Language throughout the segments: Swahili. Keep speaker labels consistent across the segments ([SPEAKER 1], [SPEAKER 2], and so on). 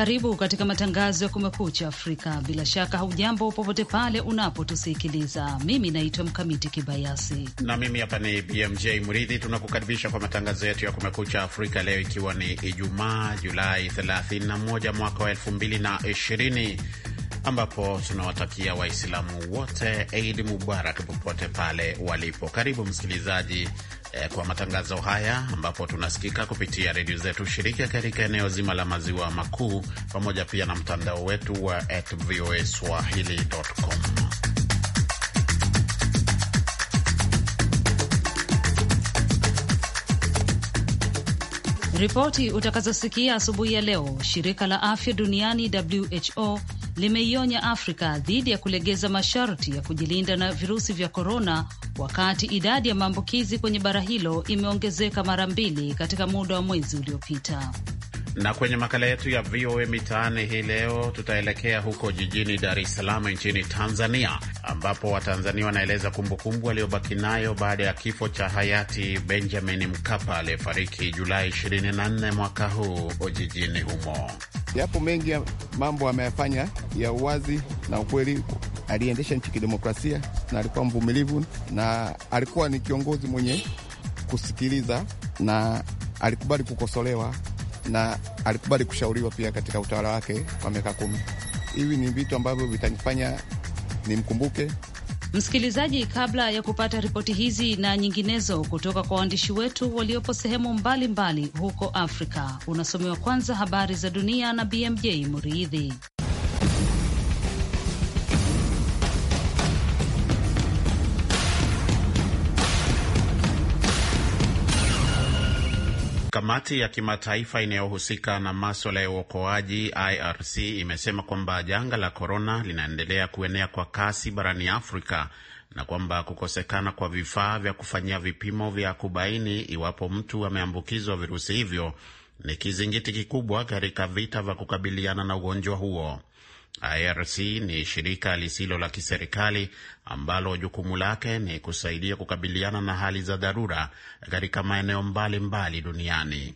[SPEAKER 1] Karibu katika matangazo ya Kumekucha Afrika. Bila shaka hujambo popote pale unapotusikiliza. Mimi naitwa Mkamiti Kibayasi
[SPEAKER 2] na mimi hapa ni BMJ Mridhi. Tunakukaribisha kwa matangazo yetu ya Kumekucha Afrika leo ikiwa ni Ijumaa Julai 31 mwaka wa 2020 ambapo tunawatakia Waislamu wote Eid Mubarak popote pale walipo. Karibu msikilizaji eh, kwa matangazo haya ambapo tunasikika kupitia redio zetu shirika katika eneo zima la maziwa makuu pamoja pia na mtandao wetu wa swahili.com.
[SPEAKER 1] Ripoti utakazosikia asubuhi ya leo, shirika la afya duniani WHO limeionya Afrika dhidi ya kulegeza masharti ya kujilinda na virusi vya korona, wakati idadi ya maambukizi kwenye bara hilo imeongezeka mara mbili katika muda wa mwezi uliopita.
[SPEAKER 2] Na kwenye makala yetu ya VOA Mitaani hii leo tutaelekea huko jijini Dar es Salaam nchini Tanzania, ambapo Watanzania wanaeleza kumbukumbu aliyobaki nayo baada ya kifo cha hayati Benjamin Mkapa aliyefariki Julai 24 mwaka huu jijini humo.
[SPEAKER 3] Yapo mengi ya mambo ameyafanya ya uwazi na ukweli. Aliendesha nchi kidemokrasia na alikuwa mvumilivu na alikuwa ni kiongozi mwenye kusikiliza na alikubali kukosolewa na alikubali kushauriwa pia katika utawala wake wa miaka kumi. Hivi ni vitu ambavyo vitanifanya nimkumbuke.
[SPEAKER 1] Msikilizaji, kabla ya kupata ripoti hizi na nyinginezo kutoka kwa waandishi wetu waliopo sehemu mbalimbali mbali huko Afrika, unasomewa kwanza habari za dunia na BMJ Muridhi.
[SPEAKER 2] Kamati ya kimataifa inayohusika na maswala ya uokoaji IRC imesema kwamba janga la korona linaendelea kuenea kwa kasi barani Afrika na kwamba kukosekana kwa vifaa vya kufanyia vipimo vya kubaini iwapo mtu ameambukizwa virusi hivyo ni kizingiti kikubwa katika vita vya kukabiliana na ugonjwa huo. IRC ni shirika lisilo la kiserikali ambalo jukumu lake ni kusaidia kukabiliana na hali za dharura katika maeneo mbalimbali duniani.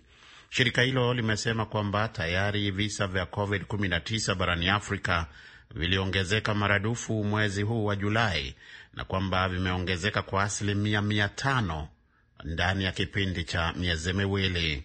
[SPEAKER 2] Shirika hilo limesema kwamba tayari visa vya COVID-19 barani Afrika viliongezeka maradufu mwezi huu wa Julai na kwamba vimeongezeka kwa asilimia mia tano ndani ya kipindi cha miezi miwili.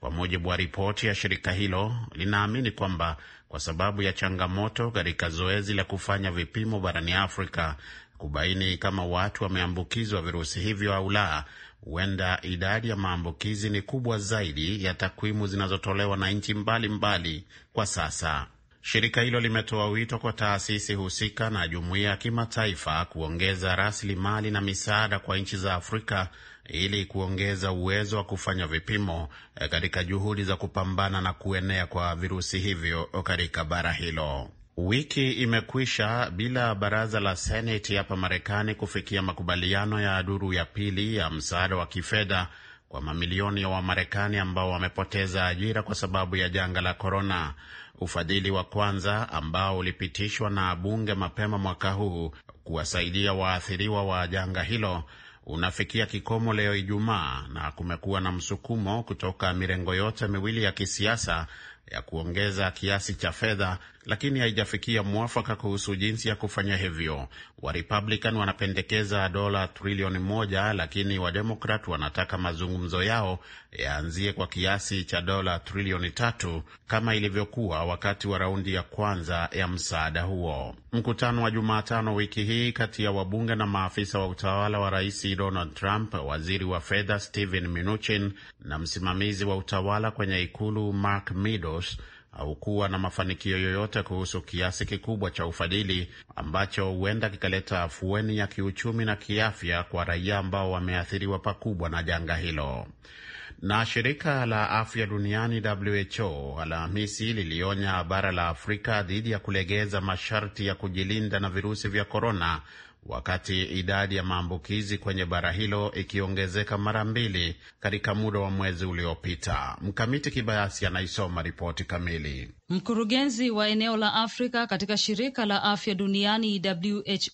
[SPEAKER 2] Kwa mujibu wa ripoti ya shirika hilo, linaamini kwamba kwa sababu ya changamoto katika zoezi la kufanya vipimo barani Afrika kubaini kama watu wameambukizwa virusi hivyo au la. Huenda idadi ya maambukizi ni kubwa zaidi ya takwimu zinazotolewa na nchi mbalimbali kwa sasa. Shirika hilo limetoa wito kwa taasisi husika na jumuiya ya kimataifa kuongeza rasilimali na misaada kwa nchi za Afrika ili kuongeza uwezo wa kufanya vipimo eh, katika juhudi za kupambana na kuenea kwa virusi hivyo katika bara hilo. Wiki imekwisha bila baraza la Seneti hapa Marekani kufikia makubaliano ya duru ya pili ya msaada wa kifedha kwa mamilioni ya Wamarekani ambao wamepoteza ajira kwa sababu ya janga la korona. Ufadhili wa kwanza ambao ulipitishwa na bunge mapema mwaka huu kuwasaidia waathiriwa wa janga hilo unafikia kikomo leo Ijumaa, na kumekuwa na msukumo kutoka mirengo yote miwili ya kisiasa ya kuongeza kiasi cha fedha lakini haijafikia mwafaka kuhusu jinsi ya kufanya hivyo. Warepublican wanapendekeza dola trilioni moja, lakini Wademokrat wanataka mazungumzo yao yaanzie kwa kiasi cha dola trilioni tatu kama ilivyokuwa wakati wa raundi ya kwanza ya msaada huo. Mkutano wa Jumatano wiki hii kati ya wabunge na maafisa wa utawala wa Rais Donald Trump, waziri wa fedha Steven Mnuchin na msimamizi wa utawala kwenye ikulu Mark Meadows haukuwa na mafanikio yoyote kuhusu kiasi kikubwa cha ufadhili ambacho huenda kikaleta afueni ya kiuchumi na kiafya kwa raia ambao wameathiriwa pakubwa na janga hilo. Na shirika la afya duniani WHO Alhamisi lilionya bara la Afrika dhidi ya kulegeza masharti ya kujilinda na virusi vya korona wakati idadi ya maambukizi kwenye bara hilo ikiongezeka mara mbili katika muda wa mwezi uliopita. Mkamiti Kibayasi anaisoma ripoti kamili.
[SPEAKER 1] Mkurugenzi wa eneo la Afrika katika shirika la afya duniani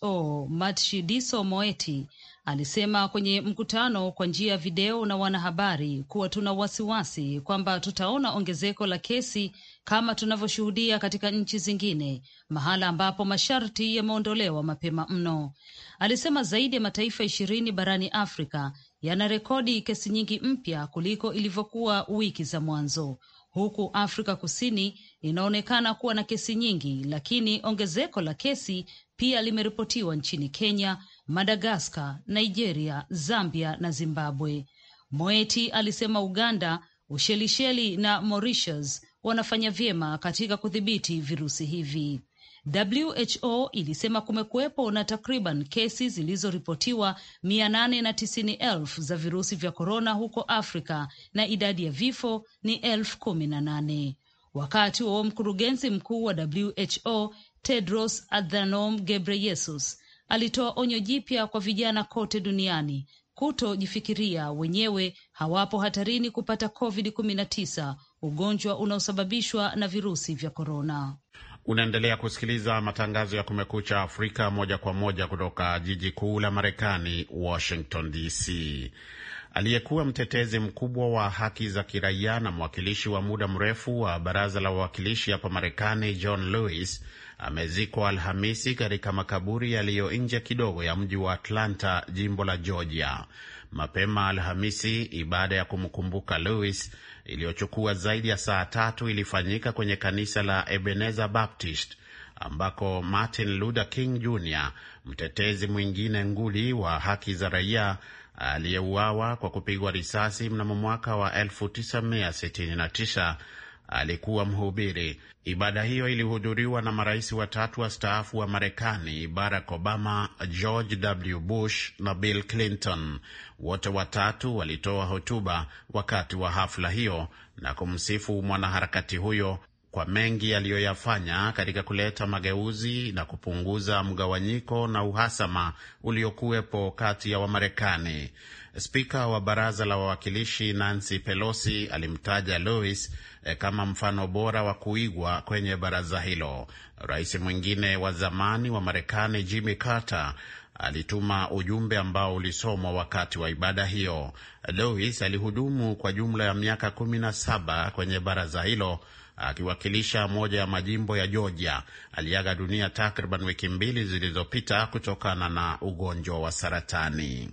[SPEAKER 1] WHO, Matshidiso Moeti alisema kwenye mkutano kwa njia ya video na wanahabari kuwa tuna wasiwasi kwamba tutaona ongezeko la kesi kama tunavyoshuhudia katika nchi zingine, mahala ambapo masharti yameondolewa mapema mno. Alisema zaidi ya mataifa ishirini barani Afrika yana rekodi kesi nyingi mpya kuliko ilivyokuwa wiki za mwanzo, huku Afrika Kusini inaonekana kuwa na kesi nyingi, lakini ongezeko la kesi pia limeripotiwa nchini Kenya, Madagaskar, Nigeria, Zambia na Zimbabwe. Moeti alisema Uganda, Ushelisheli na Mauritius wanafanya vyema katika kudhibiti virusi hivi. WHO ilisema kumekuwepo na takriban kesi zilizoripotiwa mia nane na tisini elfu za virusi vya korona huko Afrika na idadi ya vifo ni elfu kumi na nane. Wakati huo mkurugenzi mkuu wa WHO Tedros Adhanom Ghebreyesus alitoa onyo jipya kwa vijana kote duniani kutojifikiria wenyewe hawapo hatarini kupata COVID-19, ugonjwa unaosababishwa na virusi vya korona.
[SPEAKER 2] Unaendelea kusikiliza matangazo ya Kumekucha Afrika moja kwa moja kutoka jiji kuu la Marekani, Washington DC aliyekuwa mtetezi mkubwa wa haki za kiraia na mwakilishi wa muda mrefu wa baraza la wawakilishi hapa Marekani, John Lewis amezikwa Alhamisi katika makaburi yaliyo nje kidogo ya mji wa Atlanta, jimbo la Georgia. Mapema Alhamisi, ibada ya kumkumbuka Lewis iliyochukua zaidi ya saa tatu ilifanyika kwenye kanisa la Ebenezer Baptist ambako Martin Luther King Jr, mtetezi mwingine nguli wa haki za raia aliyeuawa kwa kupigwa risasi mnamo mwaka wa 1969 alikuwa mhubiri. Ibada hiyo ilihudhuriwa na marais watatu wastaafu wa Marekani, Barack Obama, George W. Bush na Bill Clinton. Wote watatu walitoa hotuba wakati wa hafla hiyo na kumsifu mwanaharakati huyo kwa mengi aliyoyafanya katika kuleta mageuzi na kupunguza mgawanyiko na uhasama uliokuwepo kati ya Wamarekani. Spika wa baraza la wawakilishi Nancy Pelosi alimtaja Lewis eh, kama mfano bora wa kuigwa kwenye baraza hilo. Rais mwingine wa zamani wa Marekani Jimmy Carter alituma ujumbe ambao ulisomwa wakati wa ibada hiyo. Lewis alihudumu kwa jumla ya miaka kumi na saba kwenye baraza hilo akiwakilisha moja ya majimbo ya Georgia aliaga dunia takriban wiki mbili zilizopita kutokana na ugonjwa wa saratani.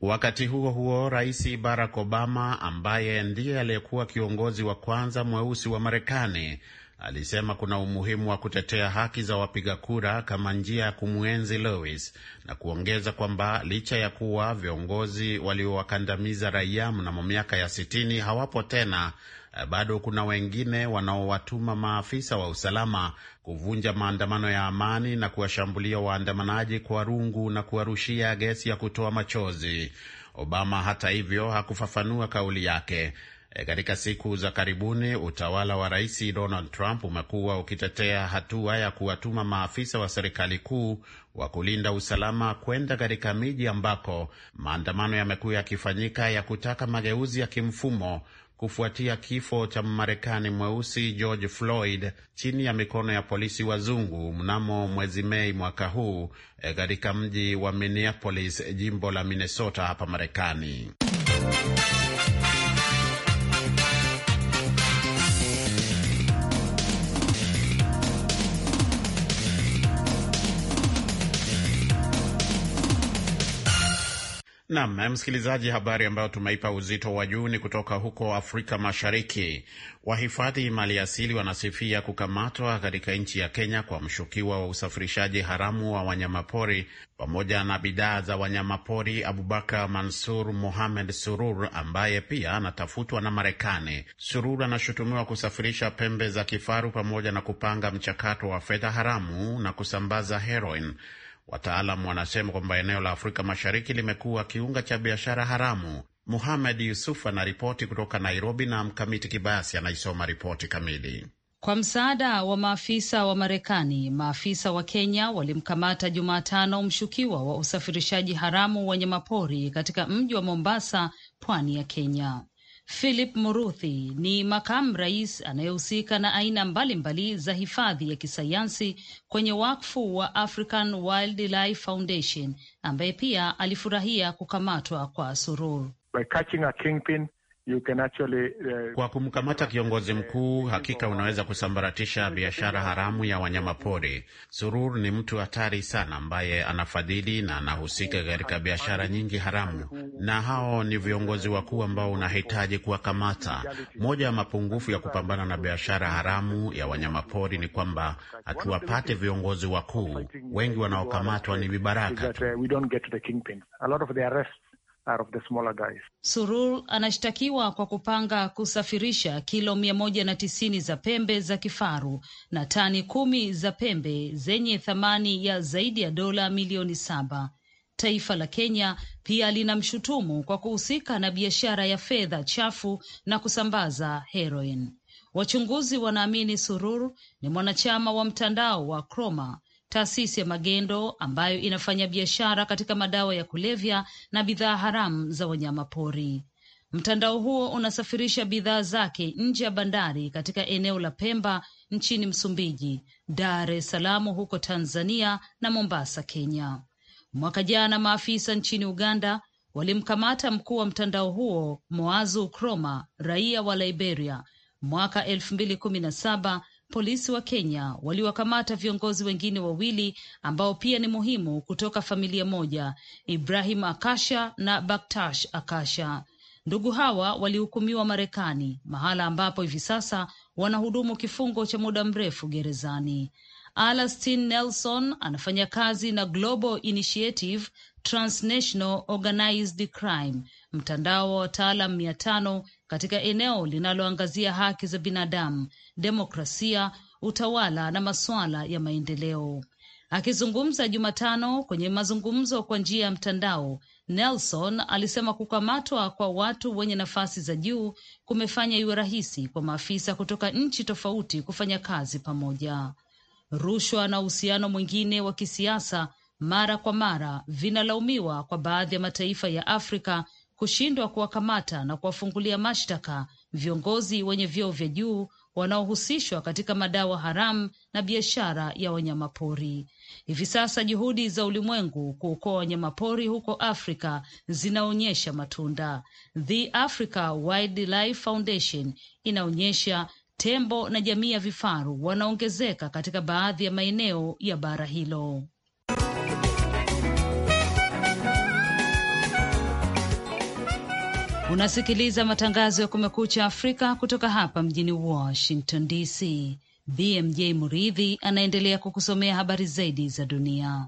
[SPEAKER 2] Wakati huo huo, Rais Barack Obama ambaye ndiye aliyekuwa kiongozi wa kwanza mweusi wa Marekani alisema kuna umuhimu wa kutetea haki za wapiga kura kama njia ya kumwenzi Lewis na kuongeza kwamba licha ya kuwa viongozi waliowakandamiza raia mnamo miaka ya sitini hawapo tena, Eh, bado kuna wengine wanaowatuma maafisa wa usalama kuvunja maandamano ya amani na kuwashambulia waandamanaji kwa rungu na kuwarushia gesi ya kutoa machozi. Obama hata hivyo hakufafanua kauli yake. E, katika siku za karibuni utawala wa Rais Donald Trump umekuwa ukitetea hatua ya kuwatuma maafisa wa serikali kuu wa kulinda usalama kwenda katika miji ambako maandamano yamekuwa yakifanyika ya kutaka mageuzi ya kimfumo kufuatia kifo cha Mmarekani mweusi George Floyd chini ya mikono ya polisi wazungu mnamo mwezi Mei mwaka huu eh, katika mji wa Minneapolis, jimbo la Minnesota hapa Marekani. Nam msikilizaji, habari ambayo tumeipa uzito wa juu ni kutoka huko Afrika Mashariki. Wahifadhi mali asili wanasifia kukamatwa katika nchi ya Kenya kwa mshukiwa wa usafirishaji haramu wa wanyamapori pamoja na bidhaa za wanyamapori Abubakar Mansur Mohamed Surur ambaye pia anatafutwa na Marekani. Surur anashutumiwa kusafirisha pembe za kifaru pamoja na kupanga mchakato wa fedha haramu na kusambaza heroin. Wataalamu wanasema kwamba eneo la Afrika Mashariki limekuwa kiunga cha biashara haramu. Muhamed Yusuf anaripoti kutoka Nairobi na Mkamiti Kibayasi anaisoma ripoti kamili.
[SPEAKER 1] Kwa msaada wa maafisa wa Marekani, maafisa wa Kenya walimkamata Jumatano mshukiwa wa usafirishaji haramu wanyamapori katika mji wa Mombasa, pwani ya Kenya. Philip Muruthi ni makamu rais anayehusika na aina mbalimbali za hifadhi ya kisayansi kwenye wakfu wa African Wildlife Foundation ambaye pia alifurahia kukamatwa kwa Surur.
[SPEAKER 2] By catching a kingpin you can actually, uh, kwa kumkamata kiongozi mkuu hakika unaweza kusambaratisha biashara haramu ya wanyamapori. Surur ni mtu hatari sana, ambaye anafadhili na anahusika katika biashara nyingi haramu, na hao ni viongozi wakuu ambao unahitaji kuwakamata. Moja ya mapungufu ya kupambana na biashara haramu ya wanyamapori ni kwamba hatuwapate viongozi wakuu. Wengi wanaokamatwa ni vibaraka
[SPEAKER 1] tu.
[SPEAKER 4] Uh, are of the smaller guys.
[SPEAKER 1] Surur anashtakiwa kwa kupanga kusafirisha kilo mia moja na tisini za pembe za kifaru na tani kumi za pembe zenye thamani ya zaidi ya dola milioni saba. Taifa la Kenya pia linamshutumu kwa kuhusika na biashara ya fedha chafu na kusambaza heroin. Wachunguzi wanaamini Surur ni mwanachama wa mtandao wa Croma taasisi ya magendo ambayo inafanya biashara katika madawa ya kulevya na bidhaa haramu za wanyama pori Mtandao huo unasafirisha bidhaa zake nje ya bandari katika eneo la Pemba nchini Msumbiji, Dar es Salaam huko Tanzania na Mombasa, Kenya. Mwaka jana maafisa nchini Uganda walimkamata mkuu wa mtandao huo Moazu Kroma, raia wa Liberia, mwaka elfu mbili kumi na saba polisi wa Kenya waliwakamata viongozi wengine wawili ambao pia ni muhimu kutoka familia moja, Ibrahim Akasha na Baktash Akasha. Ndugu hawa walihukumiwa Marekani, mahala ambapo hivi sasa wanahudumu kifungo cha muda mrefu gerezani. Alastin Nelson anafanya kazi na Global Initiative Transnational Organized Crime, mtandao wa wataalam mia tano katika eneo linaloangazia haki za binadamu, demokrasia, utawala na masuala ya maendeleo. Akizungumza Jumatano kwenye mazungumzo kwa njia ya mtandao, Nelson alisema kukamatwa kwa watu wenye nafasi za juu kumefanya iwe rahisi kwa maafisa kutoka nchi tofauti kufanya kazi pamoja. Rushwa na uhusiano mwingine wa kisiasa mara kwa mara vinalaumiwa kwa baadhi ya mataifa ya Afrika kushindwa kuwakamata na kuwafungulia mashtaka viongozi wenye vyeo vya juu wanaohusishwa katika madawa haramu na biashara ya wanyamapori. Hivi sasa juhudi za ulimwengu kuokoa wanyamapori huko Afrika zinaonyesha matunda. The Africa Wildlife Foundation inaonyesha tembo na jamii ya vifaru wanaongezeka katika baadhi ya maeneo ya bara hilo. Unasikiliza matangazo ya Kumekucha Afrika kutoka hapa mjini Washington DC. BMJ Muridhi anaendelea kukusomea habari zaidi za dunia.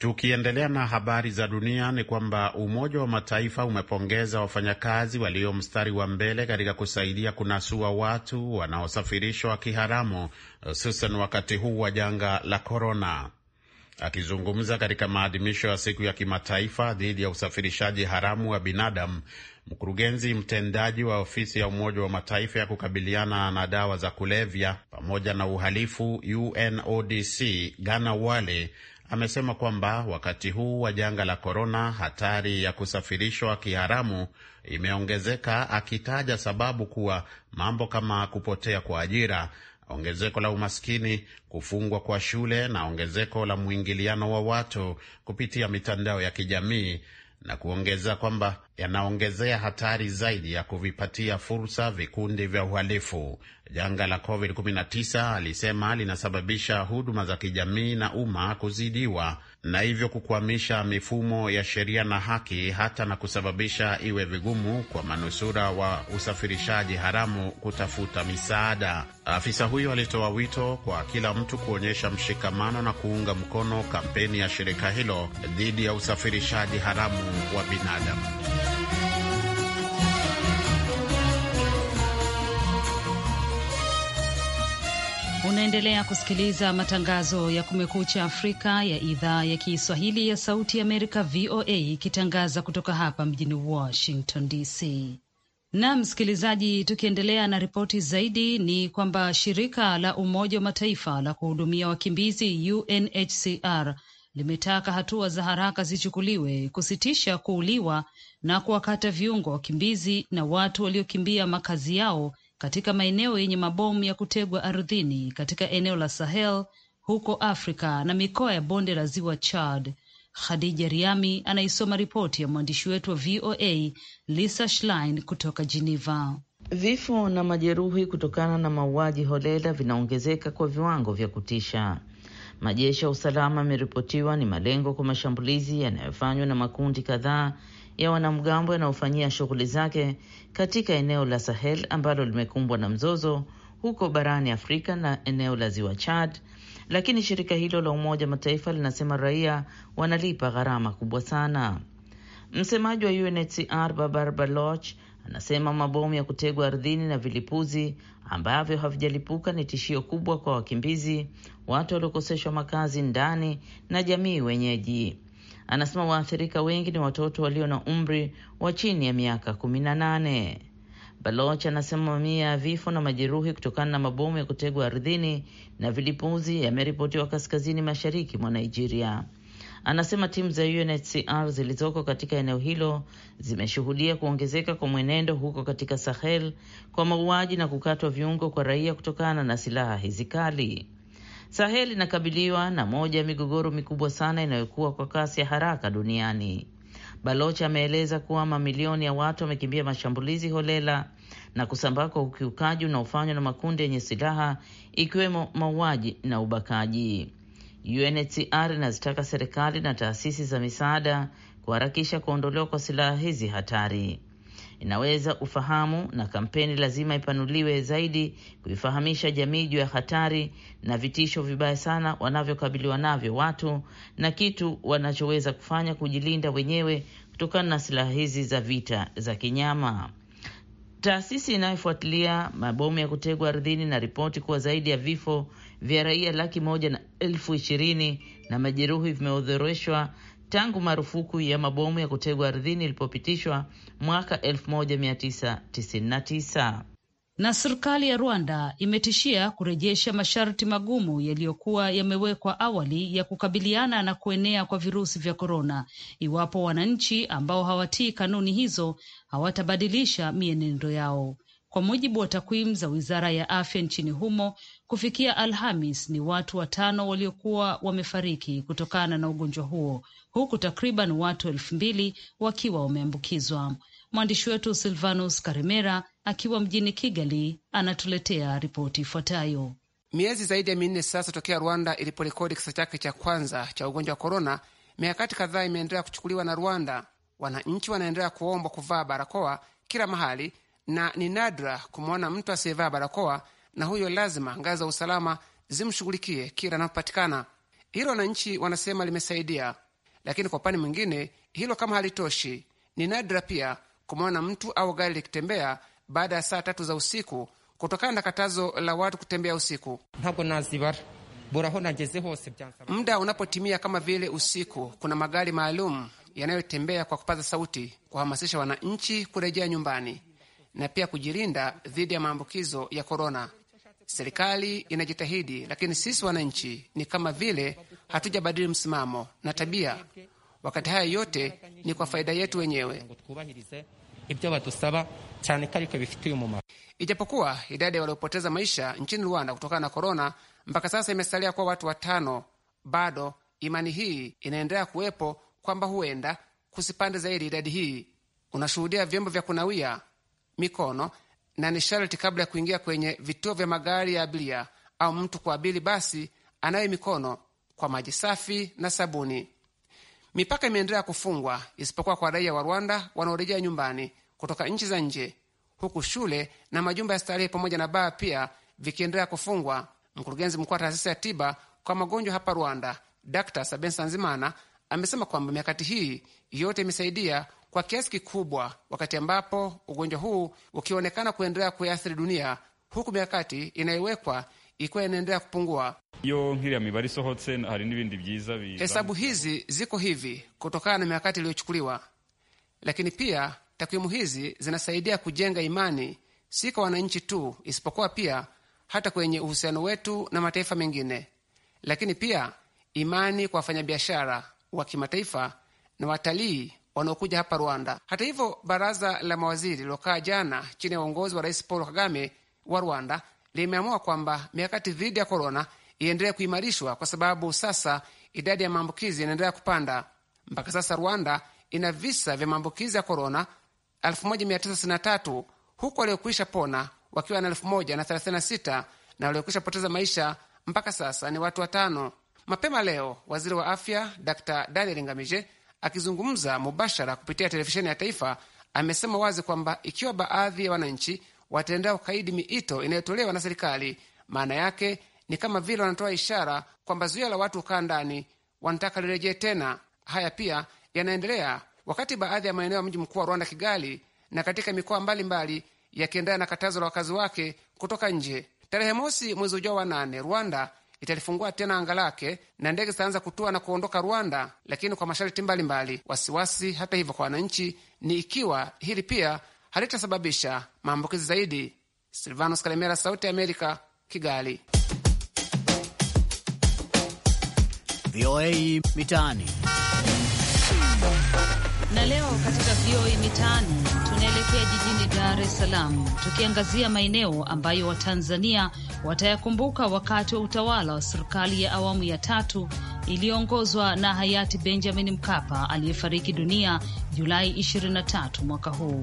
[SPEAKER 2] Tukiendelea na habari za dunia ni kwamba Umoja wa Mataifa umepongeza wafanyakazi walio mstari wa mbele katika kusaidia kunasua watu wanaosafirishwa kiharamu, hususan wakati huu wa janga la korona. Akizungumza katika maadhimisho ya siku ya kimataifa dhidi ya usafirishaji haramu wa binadamu, mkurugenzi mtendaji wa ofisi ya Umoja wa Mataifa ya kukabiliana na dawa za kulevya pamoja na uhalifu UNODC Ghana Wale amesema kwamba wakati huu wa janga la korona, hatari ya kusafirishwa kiharamu imeongezeka, akitaja sababu kuwa mambo kama kupotea kwa ajira ongezeko la umaskini, kufungwa kwa shule na ongezeko la mwingiliano wa watu kupitia mitandao ya kijamii na kuongeza kwamba yanaongezea hatari zaidi ya kuvipatia fursa vikundi vya uhalifu. Janga la COVID-19, alisema, linasababisha huduma za kijamii na umma kuzidiwa na hivyo kukwamisha mifumo ya sheria na haki hata na kusababisha iwe vigumu kwa manusura wa usafirishaji haramu kutafuta misaada. Afisa huyo alitoa wito kwa kila mtu kuonyesha mshikamano na kuunga mkono kampeni ya shirika hilo dhidi ya usafirishaji haramu wa binadamu.
[SPEAKER 1] Unaendelea kusikiliza matangazo ya Kumekucha Afrika ya idhaa ya Kiswahili ya Sauti ya Amerika, VOA, ikitangaza kutoka hapa mjini Washington DC. Na msikilizaji, tukiendelea na ripoti zaidi ni kwamba shirika la Umoja wa Mataifa la kuhudumia wakimbizi UNHCR limetaka hatua za haraka zichukuliwe kusitisha kuuliwa na kuwakata viungo wakimbizi na watu waliokimbia makazi yao katika maeneo yenye mabomu ya kutegwa ardhini katika eneo la Sahel huko Afrika na mikoa ya bonde la ziwa Chad. Khadija Riami anaisoma ripoti ya mwandishi wetu wa VOA Lisa Schlein
[SPEAKER 5] kutoka Geneva. Vifo na majeruhi kutokana na mauaji holela vinaongezeka kwa viwango vya kutisha. Majeshi ya usalama yameripotiwa ni malengo kwa mashambulizi yanayofanywa na makundi kadhaa ya wanamgambo yanayofanyia shughuli zake katika eneo la Sahel ambalo limekumbwa na mzozo huko barani Afrika na eneo la ziwa Chad, lakini shirika hilo la Umoja wa Mataifa linasema raia wanalipa gharama kubwa sana. Msemaji wa UNHCR Babar Baloch anasema mabomu ya kutegwa ardhini na vilipuzi ambavyo havijalipuka ni tishio kubwa kwa wakimbizi, watu waliokoseshwa makazi ndani na jamii wenyeji. Anasema waathirika wengi ni watoto walio na umri wa chini ya miaka kumi na nane. Baloch anasema mamia ya vifo na majeruhi kutokana na mabomu ya kutegwa ardhini na vilipuzi yameripotiwa kaskazini mashariki mwa Nigeria. Anasema timu za UNHCR zilizoko katika eneo hilo zimeshuhudia kuongezeka kwa mwenendo huko katika Sahel kwa mauaji na kukatwa viungo kwa raia kutokana na silaha hizi kali. Sahel inakabiliwa na moja ya migogoro mikubwa sana inayokuwa kwa kasi ya haraka duniani. Baloch ameeleza kuwa mamilioni ya watu wamekimbia mashambulizi holela na kusambaa kwa ukiukaji unaofanywa na makundi yenye silaha ikiwemo mauaji na ubakaji. UNHCR inazitaka serikali na taasisi za misaada kuharakisha kuondolewa kwa silaha hizi hatari inaweza ufahamu na kampeni lazima ipanuliwe zaidi kuifahamisha jamii juu ya hatari na vitisho vibaya sana wanavyokabiliwa navyo watu na kitu wanachoweza kufanya kujilinda wenyewe kutokana na silaha hizi za vita za kinyama. Taasisi inayofuatilia mabomu ya kutegwa ardhini na ripoti kuwa zaidi ya vifo vya raia laki moja na elfu ishirini na majeruhi vimeodhoreshwa tangu marufuku ya mabomu ya kutegwa ardhini ilipopitishwa mwaka 1999
[SPEAKER 1] na serikali
[SPEAKER 5] ya Rwanda imetishia kurejesha
[SPEAKER 1] masharti magumu yaliyokuwa yamewekwa awali ya kukabiliana na kuenea kwa virusi vya korona iwapo wananchi ambao hawatii kanuni hizo hawatabadilisha mienendo yao. Kwa mujibu wa takwimu za wizara ya afya nchini humo, Kufikia Alhamis ni watu watano waliokuwa wamefariki kutokana na ugonjwa huo huku takriban watu elfu mbili wakiwa wameambukizwa. Mwandishi wetu Silvanus karimera akiwa mjini Kigali anatuletea ripoti ifuatayo.
[SPEAKER 4] Miezi zaidi ya minne sasa tokea Rwanda iliporekodi kisa chake cha kwanza cha ugonjwa wa korona, mikakati kadhaa imeendelea kuchukuliwa na Rwanda. Wananchi wanaendelea kuombwa kuvaa barakoa kila mahali na ni nadra kumwona mtu asiyevaa barakoa na huyo lazima ngazi za usalama zimshughulikie kila anapopatikana. Hilo wananchi wanasema limesaidia, lakini kwa upande mwingine, hilo kama halitoshi, ni nadra pia kumwona mtu au gari likitembea baada ya saa tatu za usiku kutokana na katazo la watu kutembea usiku. Muda unapotimia kama vile usiku, kuna magari maalum yanayotembea kwa kupaza sauti, kuhamasisha wananchi kurejea nyumbani na pia kujilinda dhidi ya maambukizo ya korona. Serikali inajitahidi, lakini sisi wananchi ni kama vile hatujabadili msimamo na tabia. Wakati haya yote ni kwa faida yetu wenyewe. Ijapokuwa idadi ya waliopoteza maisha nchini Rwanda kutokana na korona mpaka sasa imesalia kuwa watu watano, bado imani hii inaendelea kuwepo kwamba huenda kusipande zaidi idadi hii. Unashuhudia vyombo vya kunawia mikono na ni sharti kabla ya kuingia kwenye vituo vya magari ya abiria au mtu kuabiri basi anawe mikono kwa maji safi na sabuni. Mipaka imeendelea kufungwa isipokuwa kwa raia wa Rwanda wanaorejea nyumbani kutoka nchi za nje, huku shule na majumba ya starehe pamoja na baa pia vikiendelea kufungwa. Mkurugenzi mkuu wa taasisi ya tiba kwa magonjwa hapa Rwanda, Dr Saben Sanzimana amesema kwamba mikakati hii yote imesaidia kwa kiasi kikubwa, wakati ambapo ugonjwa huu ukionekana kuendelea kuathiri dunia, huku mikakati inayowekwa ikiwa inaendelea kupungua. Hesabu hizi ziko hivi kutokana na mikakati iliyochukuliwa, lakini pia takwimu hizi zinasaidia kujenga imani, si kwa wananchi tu, isipokuwa pia hata kwenye uhusiano wetu na mataifa mengine, lakini pia imani kwa wafanyabiashara wa kimataifa na watalii wanaokuja hapa Rwanda. Hata hivyo, baraza la mawaziri lilokaa jana chini ya uongozi wa Rais Paul Kagame wa Rwanda limeamua kwamba mikakati dhidi ya korona iendelee kuimarishwa kwa sababu sasa idadi ya maambukizi inaendelea kupanda. Mpaka sasa Rwanda ina visa vya maambukizi ya korona 1963 huku waliokwisha pona wakiwa na 1036 na waliokwisha poteza maisha mpaka sasa ni watu watano. Mapema leo waziri wa afya Dr Daniel Ngamije Akizungumza mubashara kupitia televisheni ya taifa, amesema wazi kwamba ikiwa baadhi ya wananchi wataendea ukaidi miito inayotolewa na serikali, maana yake ni kama vile wanatoa ishara kwamba zuia la watu kukaa ndani wanataka lirejee tena. Haya pia yanaendelea wakati baadhi ya maeneo ya mji mkuu wa Rwanda, Kigali, na katika mikoa mbalimbali yakiendana na katazo la wakazi wake kutoka nje. Tarehe mosi mwezi ujao wa nane, Rwanda italifungua tena anga lake na ndege zitaanza kutua na kuondoka Rwanda, lakini kwa masharti mbalimbali. Wasiwasi hata hivyo kwa wananchi ni ikiwa hili pia halitasababisha maambukizi zaidi. Silvanos Kalemera, Sauti ya Amerika, Kigali.
[SPEAKER 5] VOA Mitaani.
[SPEAKER 1] Na leo katika VOA Mitaani tunaelekea jijini Dar es Salaam tukiangazia maeneo ambayo Watanzania watayakumbuka wakati wa utawala wa serikali ya awamu ya tatu iliyoongozwa na hayati Benjamin Mkapa aliyefariki dunia Julai 23 mwaka huu.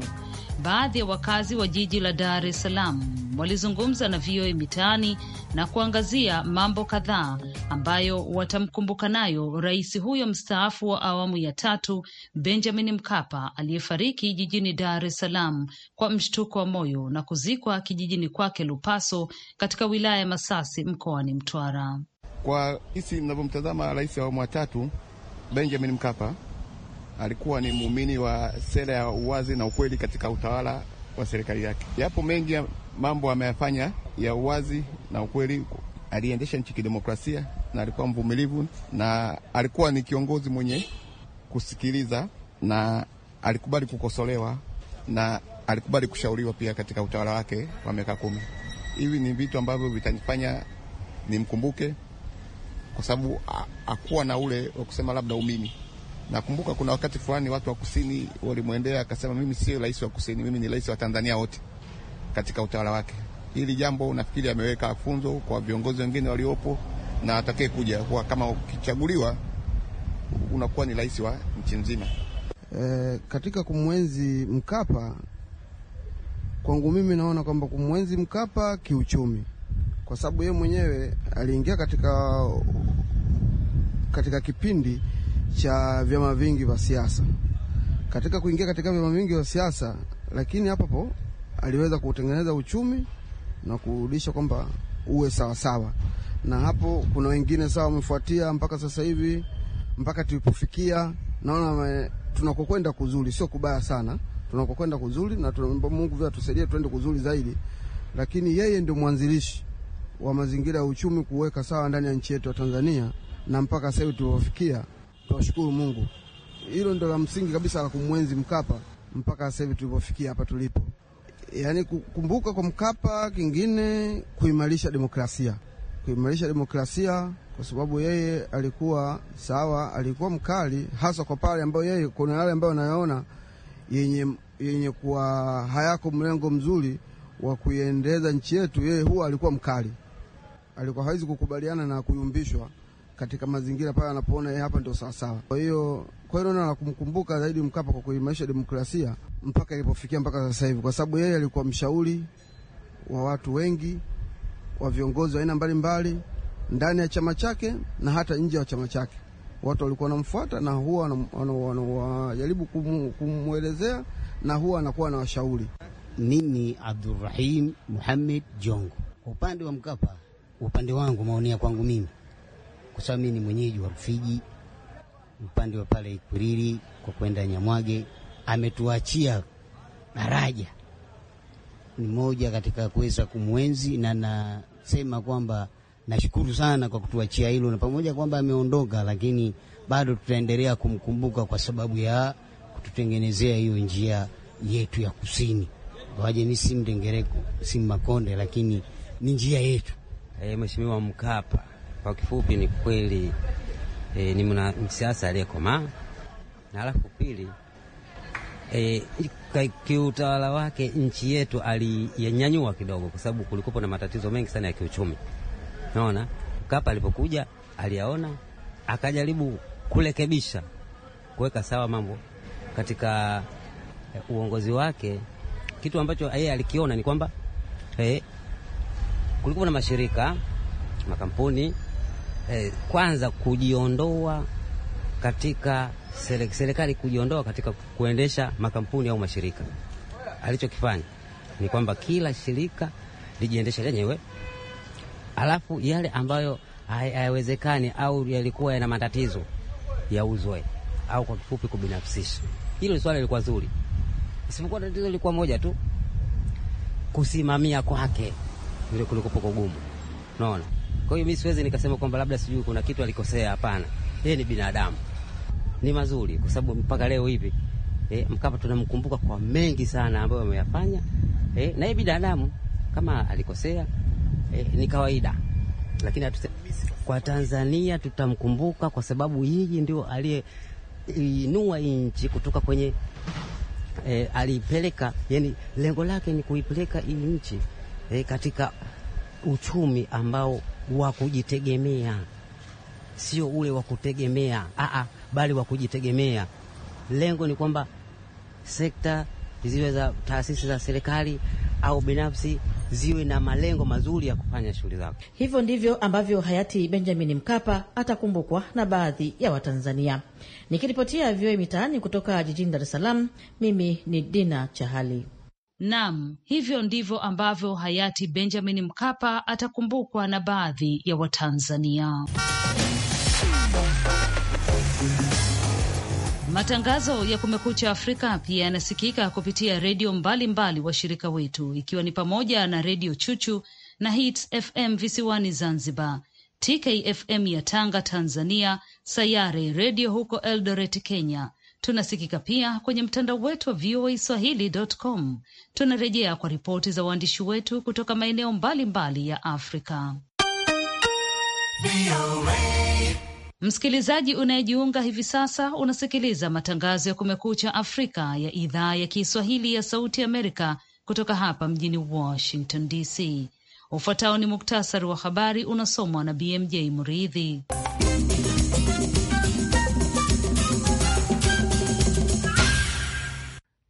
[SPEAKER 1] Baadhi ya wakazi wa jiji la Dar es Salaam walizungumza na VOA Mitaani na kuangazia mambo kadhaa ambayo watamkumbuka nayo rais huyo mstaafu wa awamu ya tatu Benjamin Mkapa aliyefariki jijini Dar es Salaam kwa mshtuko wa moyo na kuzikwa kijijini kwake Lupaso katika wilaya ya Masasi mkoani Mtwara.
[SPEAKER 3] Kwa hisi mnavyomtazama rais wa awamu wa tatu Benjamin Mkapa alikuwa ni muumini wa sera ya uwazi na ukweli katika utawala wa serikali yake. Yapo mengi ya mambo ameyafanya ya uwazi na ukweli. Aliendesha nchi kidemokrasia na alikuwa mvumilivu na alikuwa ni kiongozi mwenye kusikiliza na alikubali kukosolewa na alikubali kushauriwa pia katika utawala wake wa miaka kumi. Hivi ni vitu ambavyo vitanifanya nimkumbuke kwa sababu hakuwa na ule wa kusema labda umimi. Nakumbuka kuna wakati fulani watu wa kusini walimwendea akasema, mimi sio rais wa kusini, mimi ni rais wa Tanzania wote katika utawala wake. Hili jambo nafikiri ameweka funzo kwa viongozi wengine waliopo na atakaye kuja kwa kama ukichaguliwa unakuwa ni rais
[SPEAKER 6] wa nchi nzima. E, katika kumwenzi Mkapa kwangu mimi naona kwamba kumwenzi Mkapa kiuchumi, kwa sababu yeye mwenyewe aliingia katika katika kipindi cha vyama vingi vya siasa. Katika kuingia katika vyama vingi vya siasa, lakini hapo hapo aliweza kutengeneza uchumi na kurudisha kwamba uwe sawa sawa. Na hapo kuna wengine sawa wamefuatia mpaka sasa hivi mpaka tulipofikia, naona tunakokwenda kuzuri, sio kubaya sana, tunakokwenda kuzuri, na tunaomba Mungu vile atusaidie tuende kuzuri zaidi, lakini yeye ndio mwanzilishi wa mazingira ya uchumi kuweka sawa ndani ya nchi yetu ya Tanzania na mpaka sasa hivi tunashukuru Mungu. Hilo ndo la msingi kabisa la kumwenzi Mkapa mpaka sasa hivi tulipofikia hapa tulipo, yaani kukumbuka kwa Mkapa, kingine kuimarisha demokrasia, kuimarisha demokrasia kwa sababu yeye alikuwa sawa, alikuwa mkali hasa kwa pale ambayo yeye, kuna yale ambayo anayoona yenye, yenye kuwa hayako mlengo mzuri wa kuiendeleza nchi yetu, yeye huwa alikuwa mkali, alikuwa hawezi kukubaliana na kuyumbishwa katika mazingira pale anapoona hapa ndio sawasawa. Kwa hiyo kwa hiyo naona kumkumbuka zaidi Mkapa kwa kuimarisha demokrasia mpaka ilipofikia mpaka sasa hivi, kwa sababu yeye alikuwa mshauri wa watu wengi wa viongozi wa aina mbalimbali ndani ya chama chake na hata nje ya chama chake. Watu walikuwa wanamfuata na huwa wanajaribu kumwelezea na huwa anakuwa na washauri. Mimi Abdurrahim Muhammad Jongo, upande wa Mkapa, upande wangu,
[SPEAKER 7] maoni ya kwangu mimi kwa sababu mimi ni mwenyeji wa Rufiji upande wa pale Ikwiriri kwa kwenda Nyamwage. Ametuachia daraja ni moja katika kuweza kumwenzi, na nasema kwamba nashukuru sana kwa kutuachia hilo, na pamoja kwamba ameondoka, lakini bado tutaendelea kumkumbuka kwa sababu ya kututengenezea hiyo njia yetu ya kusini. Waje mi si Mdengereko si Makonde, lakini ni njia yetu. Hey, eh, Mheshimiwa Mkapa kwa kifupi ni kweli e, ni mwanasiasa aliyekomaa, na alafu pili e, kiutawala wake nchi yetu aliyenyanyua kidogo, kwa sababu kulikuwa na matatizo mengi sana ya kiuchumi. Naona Mkapa alipokuja aliyaona, akajaribu kurekebisha, kuweka sawa mambo katika e, uongozi wake. Kitu ambacho yeye alikiona ni kwamba e, kulikuwa na mashirika makampuni eh, kwanza kujiondoa katika serikali, kujiondoa katika kuendesha makampuni au mashirika. Alichokifanya ni kwamba kila shirika lijiendesha lenyewe, alafu yale ambayo hayawezekani au yalikuwa yana matatizo yauzwe, au kwa kifupi kubinafsisha. Hilo swala lilikuwa zuri, isipokuwa tatizo lilikuwa moja tu, kusimamia kwake vile kulikopo kugumu, unaona. Kwa hiyo mi siwezi nikasema kwamba labda sijui kuna kitu alikosea. Hapana, yeye ni binadamu, ni mazuri, kwa sababu mpaka leo hivi eh, Mkapa tunamkumbuka kwa mengi sana ambayo ameyafanya eh, na yeye binadamu, kama alikosea eh, ni kawaida, lakini atuse... kwa Tanzania tutamkumbuka kwa sababu yeye ndio aliyeinua nchi kutoka kwenye e, eh, aliipeleka, yani lengo lake ni kuipeleka hii nchi e, katika uchumi ambao wa kujitegemea, sio ule wa kutegemea aa, bali wa kujitegemea. Lengo ni kwamba sekta ziwe za taasisi za serikali au binafsi ziwe na malengo mazuri ya kufanya shughuli zake.
[SPEAKER 5] Hivyo ndivyo ambavyo hayati Benjamin Mkapa atakumbukwa na baadhi ya Watanzania. Nikiripotia VOA Mitaani kutoka jijini Dar es Salaam, mimi ni Dina Chahali. Naam,
[SPEAKER 1] hivyo ndivyo ambavyo hayati Benjamin Mkapa atakumbukwa na baadhi ya Watanzania. Matangazo ya Kumekucha Afrika pia yanasikika kupitia redio mbalimbali washirika wetu, ikiwa ni pamoja na Redio Chuchu na Hits FM visiwani Zanzibar, TKFM ya Tanga Tanzania, Sayare Redio huko Eldoret Kenya, Tunasikika pia kwenye mtandao wetu wa VOA Swahili.com. Tunarejea kwa ripoti za waandishi wetu kutoka maeneo mbalimbali ya Afrika. Msikilizaji unayejiunga hivi sasa, unasikiliza matangazo ya Kumekucha Afrika ya idhaa ya Kiswahili ya Sauti Amerika kutoka hapa mjini Washington DC. Ufuatao ni muktasari wa habari unasomwa na BMJ Muridhi.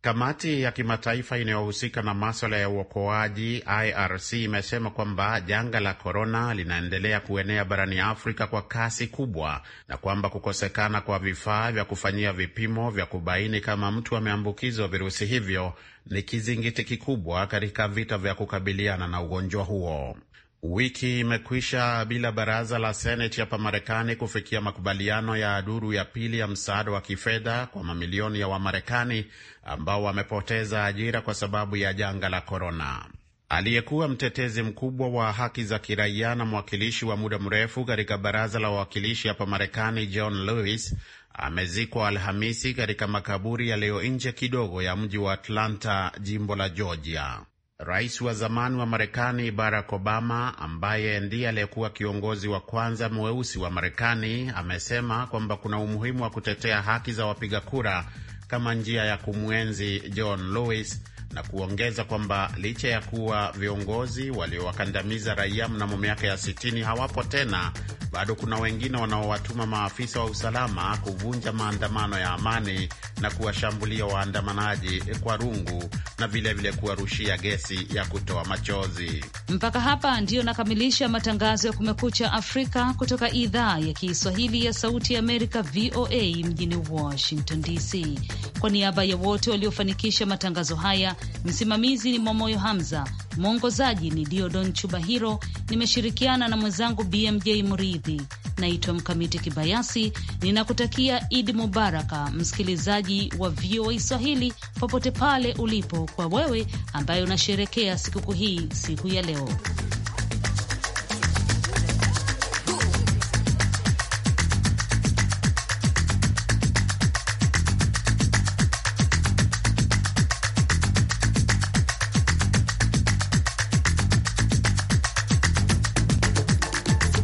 [SPEAKER 2] Kamati ya kimataifa inayohusika na maswala ya uokoaji IRC imesema kwamba janga la korona linaendelea kuenea barani Afrika kwa kasi kubwa na kwamba kukosekana kwa vifaa vya kufanyia vipimo vya kubaini kama mtu ameambukizwa virusi hivyo ni kizingiti kikubwa katika vita vya kukabiliana na ugonjwa huo. Wiki imekwisha bila baraza la seneti hapa Marekani kufikia makubaliano ya duru ya pili ya msaada wa kifedha kwa mamilioni ya Wamarekani ambao wamepoteza ajira kwa sababu ya janga la korona. Aliyekuwa mtetezi mkubwa wa haki za kiraia na mwakilishi wa muda mrefu katika baraza la wawakilishi hapa Marekani, John Lewis amezikwa Alhamisi katika makaburi yaliyo nje kidogo ya mji wa Atlanta, jimbo la Georgia. Rais wa zamani wa Marekani Barack Obama, ambaye ndiye aliyekuwa kiongozi wa kwanza mweusi wa Marekani, amesema kwamba kuna umuhimu wa kutetea haki za wapiga kura kama njia ya kumwenzi John Lewis na kuongeza kwamba licha ya kuwa viongozi waliowakandamiza raia mnamo miaka ya 60 hawapo tena, bado kuna wengine wanaowatuma maafisa wa usalama kuvunja maandamano ya amani na kuwashambulia waandamanaji kwa rungu na vilevile kuwarushia gesi ya kutoa machozi.
[SPEAKER 1] Mpaka hapa ndiyo nakamilisha matangazo ya Kumekucha Afrika kutoka idhaa ya Kiswahili ya Sauti ya Amerika, VOA mjini Washington DC. Kwa niaba ya wote waliofanikisha matangazo haya Msimamizi ni Momoyo Hamza, mwongozaji ni Diodon Chubahiro. Nimeshirikiana na mwenzangu BMJ Mridhi. Naitwa Mkamiti Kibayasi, ninakutakia Idi Mubaraka, msikilizaji wa VOA Swahili popote pale ulipo, kwa wewe ambaye unasherekea sikukuu hii siku ya leo.